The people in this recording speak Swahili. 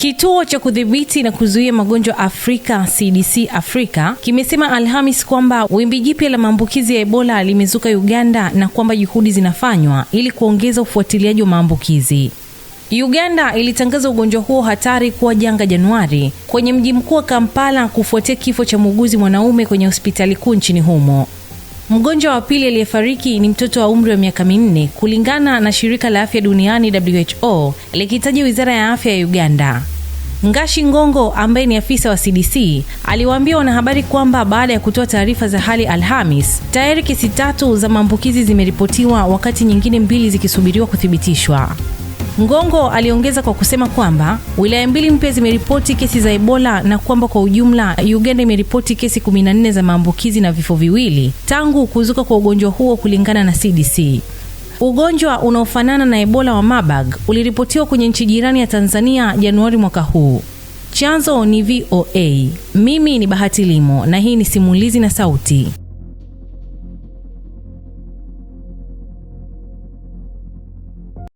Kituo cha kudhibiti na kuzuia magonjwa Afrika CDC Afrika kimesema Alhamis kwamba wimbi jipya la maambukizi ya Ebola limezuka Uganda na kwamba juhudi zinafanywa ili kuongeza ufuatiliaji wa maambukizi. Uganda ilitangaza ugonjwa huo hatari kuwa janga Januari kwenye mji mkuu wa Kampala kufuatia kifo cha muuguzi mwanaume kwenye hospitali kuu nchini humo. Mgonjwa wa pili aliyefariki ni mtoto wa umri wa miaka minne, kulingana na shirika la afya duniani WHO likitaja wizara ya afya ya Uganda. Ngashi Ngongo ambaye ni afisa wa CDC aliwaambia wanahabari kwamba baada ya kutoa taarifa za hali Alhamis, tayari kesi tatu za maambukizi zimeripotiwa wakati nyingine mbili zikisubiriwa kuthibitishwa. Ngongo aliongeza kwa kusema kwamba wilaya mbili mpya zimeripoti kesi za Ebola na kwamba kwa ujumla Uganda imeripoti kesi 14 za maambukizi na vifo viwili tangu kuzuka kwa ugonjwa huo kulingana na CDC. Ugonjwa unaofanana na Ebola wa Marburg uliripotiwa kwenye nchi jirani ya Tanzania Januari mwaka huu. Chanzo ni VOA. Mimi ni Bahati Limo na hii ni Simulizi na Sauti.